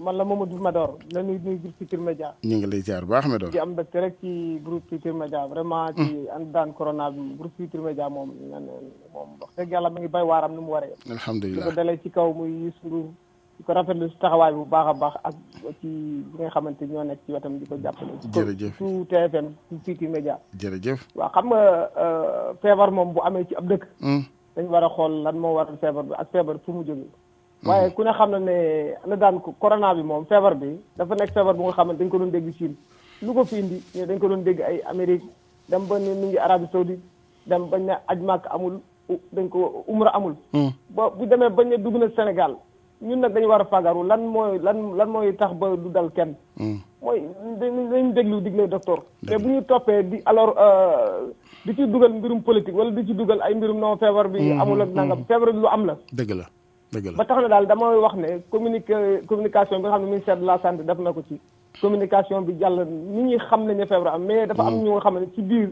man la Mamadou Mador la nuy nuyu ñu ngi lay ziar bu baax Mador. am mbégte rek ci groupe vraiment. ci mm. ànd daan corona bi groupe moom moom dëgg yàlla mu ngi bay waaram ni mu waree. alhamdulilah di ko dalee ci kaw muy Youssou ko rafetlu si taxawaay bu baax a baax ak ci bi nga xamante ñoo nekk ci wetam di ko jëf jërëjëf su TFM su Futurs Médias. jërëjëf. waaw xam nga euh, feebar moom bu amee ci ab dëkk. Mm. dañ war a xool lan moo waral feebar bi ak feebar fu mu jógee. waaye ku ne xam na ne na daan corona bi moom feebar bi dafa nekk feebar bu nga xam ne dañ ko doon dégg Chine lu ko fi indi ñu dañ ko doon dégg ay Amérique dem ba ni mu ngi Arabie Saoudite dem ba ne aj màkk amul dañ ko umra amul ba bu demee ba ne dugg na Sénégal ñun nag dañu war a fagaru lan mooy lan lan mooy tax ba du dal kenn mooy dañu déglu digle docteur te bu ñu toppee di alors di ci dugal mbirum politique wala di ci dugal ay mbirum non feebar bi amul ak nangam feebar bi lu am la dëgg la ba tax na daal damay wax ne communiqué communication bi nga xam ne ministère de la santé def na ko ci communication bi jàll nit ñi xam nañu feebar am mais dafa am hmm. ñu nga xam ne ci biir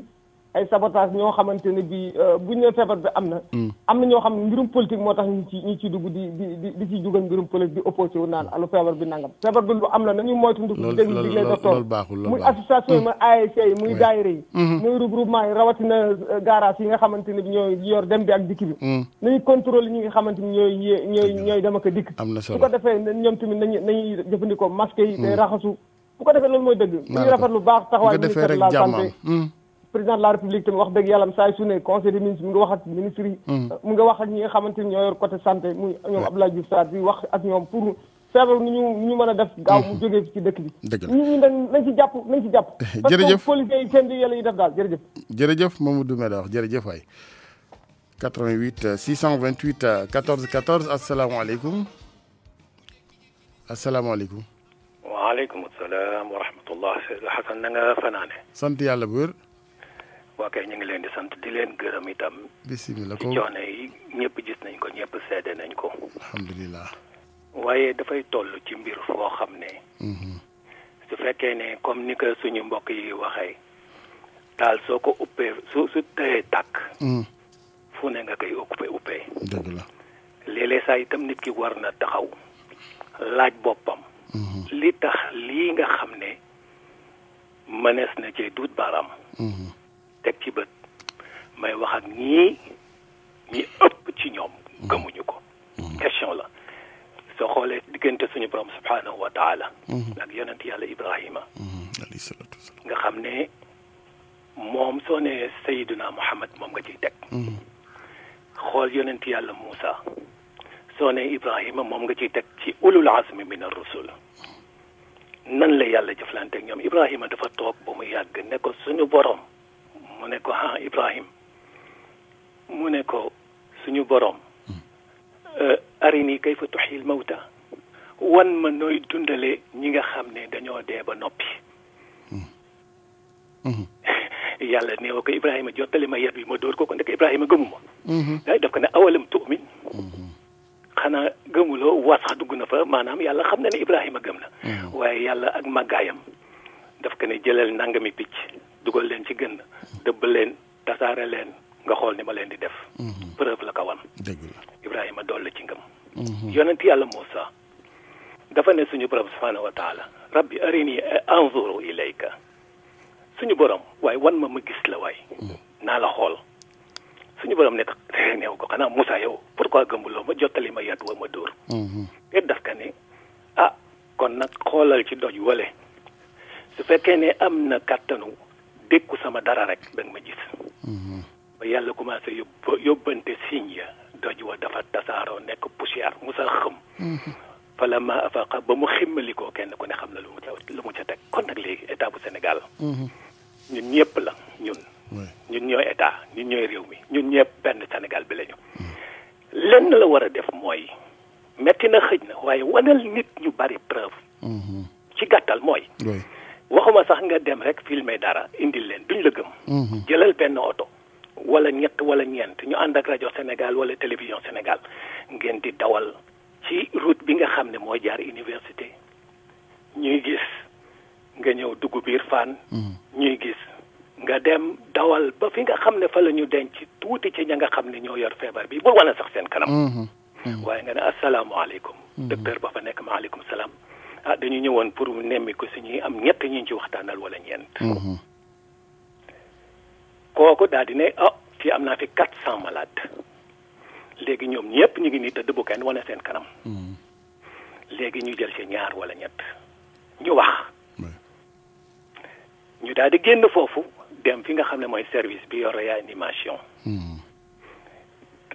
ay sabotage ñoo xamante ne bii euh, bu ñu nee feebar bi am na. Mm. am na ñoo xam ne mbirum politique moo tax ñu ci ñu ci dugg di di di di ci jugal mbirum politique di opposé wu naan alu feebar bi nangam. feebar bi lu am la nañu moytu. loolu loolu loolu loolu baaxul muy association yi muy mm. ASC yi muy daayira yi. Mm-hmm. muy regroupement yi rawatina euh, garage yi nga xamante ne bi ñooy yor dem bi ak dikk bi. Mm. nañu contrôle ñi nga xamante ni ñooy ñooy ñooy dem ak a dikk. am na solo su ko defee ñoom tamit nañu nañuy jëfandikoo masque yi. day raxasu bu ko defee loolu mooy dëgg. bu ñu rafet lu baax taxawaay ministère de la santé président de la république tamit wax dëgg yàlla am saa su conseil des ministres mu ngi wax ak ministres yi. mu ngi wax ak ñi nga xamante ni ñoo yor côté santé muy ñoom Abdoulaye Diouf Sarr di wax ak ñoom pour. feebar nu ñu nu ñu def gaaw mu jógee ci dëkk bi. dëgg la nañ ci jàpp nañ ci jàpp. jërëjëf parce yi seen liggéey la ñuy def daal jërëjëf. jërëjëf Mamadou Médor jërëjëf waay 88 628 14 14 asalaamaaleykum asalaamaaleykum. waaleykum salaam wa rahmatullah. Xasan na nga fanaane. sant yàlla bu wér. waa kay ñu ngi leen di sant di leen gërëm itam. bisimilah ko ci coono yi ñëpp gis nañ ko ñëpp seede nañ ko. waaye dafay toll ci mbir foo xam ne. Mhm. su fekkee ne comme ni ko suñu mbokk yi waxee. daal soo ko uppee su su tëyee tàkk. Mhm. fu ne nga koy occupé uppee. dëgg la léeg-léeg saa itam nit ki war na taxaw. laaj boppam. Mhm. li tax lii nga xam ne mënees na cee duut baaraam. teg ci bët may wax ak ñii ñi ëpp ci ñoom gëmuñu ko question la soo xoolee diggante suñu borom subhanahu wa taala ak yonent yàlla ibrahima alayhi salatu wasalam nga xam ne moom soo ne sayiduna muhammad moom nga ciy teg xool yonent yàlla Moussa soo ne Ibrahima moom nga ciy teg ci ulul azmi min ar-rusul nan la yàlla jëflante ak ñoom Ibrahima dafa toog ba mu yàgg ne ko suñu borom mu ne ko ah Ibrahim mu ne ko suñu borom arini kayfa tuxyil mawta wan ma nooy dundale ñi nga xam ne dañoo dee ba noppi yàlla ne ko Ibrahima jottali ma yet bi ma dóor ko ko ndek ibrahim gëmuma day daf ko ne awalam tu'min xanaa gëmuloo waa sax dugg na fa maanaam yàlla xam ne Ibrahima gëm na waaye yàlla ak màggaayam daf ko ne jëlal nangami picc dugal leen ci gën dëbb leen tasaare leen nga xool ni ma leen di def mhm. preuve la ko wan Ibrahima dolli ci ngëm mhm. yonent yàlla Moussa dafa ne suñu borom subhaanahu wa taala rabbi arini anzuru ilayka suñu boroom waaye wan ma ma gis la waay mhm. naa la xool suñu borom ne eh, neew ko xanaa Moussa yow pourquoi gëmbuloo ma jottali ma yat wa ma dóor te daf ka ne ah kon nag xoolal ci doj wale su fekkee ne am na kàttanu dékku sama dara rek da ma gis mhm. ba yàlla commencé yóbba yóbbante signe ya doj wa dafa tasaaroo nekk poussière mu sa xëm mhm. fala ma afaqa ba mu ximmalikoo kenn ku ne xam na lu mu ca lu mu ca teg kon nag léegi état bu Sénégal mhm. ñun ñëpp la ñun ñun ñooy état ñun ñooy réew mi ñun ñëpp benn Sénégal bi lañu lenn la war a def mooy metti na xëj na waaye wanal nit ñu bari preuve ci gàttal mooy waxuma sax nga dem rek filmer dara indi leen duñ la gëm. Mhm. jëlal benn oto. wala ñett wala ñeent ñu ànd ak rajo Sénégal wala télévision Sénégal ngeen di dawal ci route bi nga xam ne mooy jaar université ñuy gis nga ñëw dugg biir fan mhm. ñuy gis nga dem dawal ba fi nga xam ne fa la ñu denc tuuti ci ña nga xam ne ñoo yor feebar bi bul wane sax seen kanam. Mhm. waaye nga ne asalaamaaleykum. docteur ba fa nekk maaleykum salaam. ah dañu ñëwoon pour nemmi ko suñuy am ñett ñu ci waxtaanal wala ñent mhm. kooku daal di ne ah fi am naa fi 400 malade léegi ñoom ñëpp ñu ngi nii tëdd bu kenn wane seen kanam mhm. léegi ñu jël ci ñaar wala ñett ñu wax ñu daal di génn foofu dem fi nga xam ne mooy service bi yor réanimation mhm.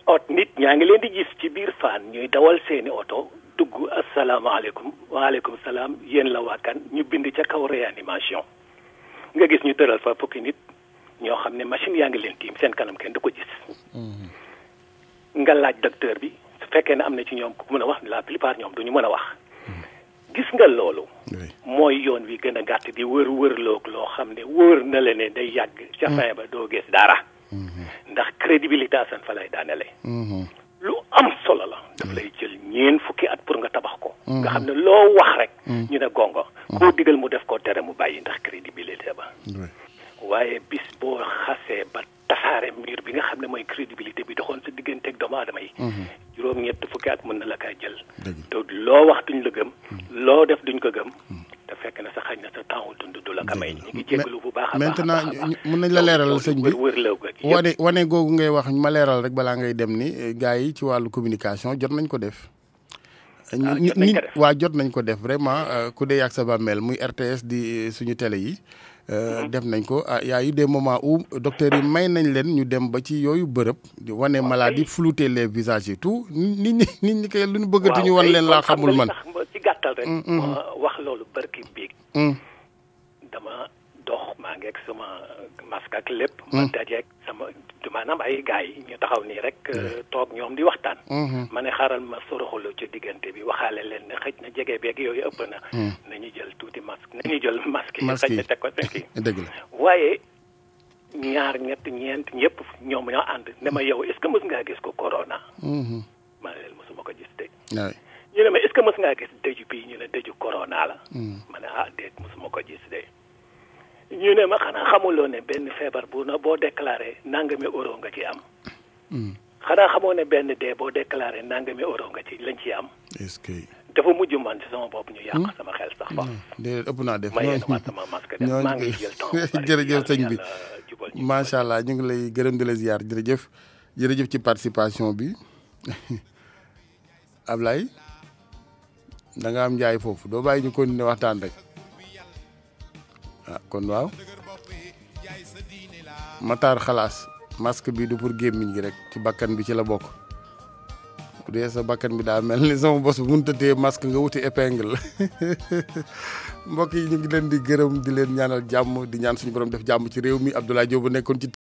ot nit ñaa ngi leen di gis ci biir fan ñuy dawal seeni oto dugg asalaamaaleykum waaleykum salaam yéen la waakan ñu bind ca kaw réanimation nga gis ñu tëral fa fukki nit ñoo xam ne machine yaa ngi leen tiim seen kanam kenn du ko gis mhm. nga laaj docteur bi su fekkee ne am na ci ñoom ku mën a wax la plupart ñoom du ñu mën a wax mhm. gis nga loolu mooy yoon wi gën a gàtt di wër wër loog loo xam ne wër na leen day yàgg ca mhm. fin ba doo gis dara ndax crédibilité asan fa lay daanele lu am solo la daf lay jël ñeen fukki at pour nga tabax ko mm-hmm. nga xam ne loo wax rek mm-hmm. ñu ne gongo mm-hmm. koo digal mu def ko tere mu bàyyi ndax crédibilité ba waaye bis boo xasee ba tasaare mur bi nga xam ne mooy crédibilité bi doxoon sa diggante ak doomu aadama yi juróom ñett fukki at mën na la kaa jël te loo wax duñ la gëm loo def duñ ko gëm te na sa maintenant mën nañ la leeral sëñ bi wane wane googu ngay wax ma leeral rek balaa ngay dem ni eh, gars yi ci wàllu communication jot nañ ko def. nit ah, waa jot nañ ko def vraiment euh, ku dee yàgg sa bàmmeel muy RTS di eh, suñu télé yi. Euh, mm-hmm. def nañ ko ah, y a eu des moments où docteur yi may nañ leen ñu dem ba ci yooyu bërëb di wane maladie flouter les visages et tout nit ñi nit ñi kay lu ñu bëggati ñu wan leen laa xamul man ci gàttal rek mm-hmm. wax loolu barki biig mm. dama doch magek suma maskak lépp ma hmm. dajeeg sama maanaam ay gaay ñu taxaw nii rek eh, toog ñoom di waxtaan mhm. ma ne xaaral ma soroxalu ci diggante bi waxaale leen ne xëj na hmm. jege beeg yooyu ëpp na nañu jël tuuti masque nañu jël masque yi xëj na teg ko teg dëgg waaye ñaar ñett ñeent ñëpp ñoom ñoo ànd ne ma yow est ce que mës ngaa gis ko corona mhm. ma ne leen mësuma ko gis de ñu ne ma est ce que mës ngaa gis dëju bii ñu ne dëju corona la hmm. ma ne ah déet mësuma ko gis de ñu ne ma xanaa xamuloo ne benn feebar bu na boo déclaré nangami euro nga ci am. Hmm. xanaa xamoo ne benn dee boo déclaré nangami euro nga ci lañ ci am. est-ce que. dafa mujj man ci sama bopp ñu yàq hmm? sama xel sax. waaw hmm. déedéet ëpp naa def. ma yéen a sama masque def maa ngi jërëjëf macha allah ñu ngi lay gërëm di la ziar jërëjëf. jërëjëf ci participation bi Ablaye da nga am njaay foofu doo bàyyi ñu continuer waxtaan rek. ah kon waaw Matar xalaas masque bi du pour gémmiñ gi rek ci bakkan bi ci la bokk bu dee sa bakkan bi daa mel ni sama bos bu mun ta dee masque nga wuti épingle mbokk yi ñu ngi leen di gërëm di leen ñaanal jàmm di ñaan suñu borom def jàmm ci réew mi Abdoulaye Diop bu nekkoon ci.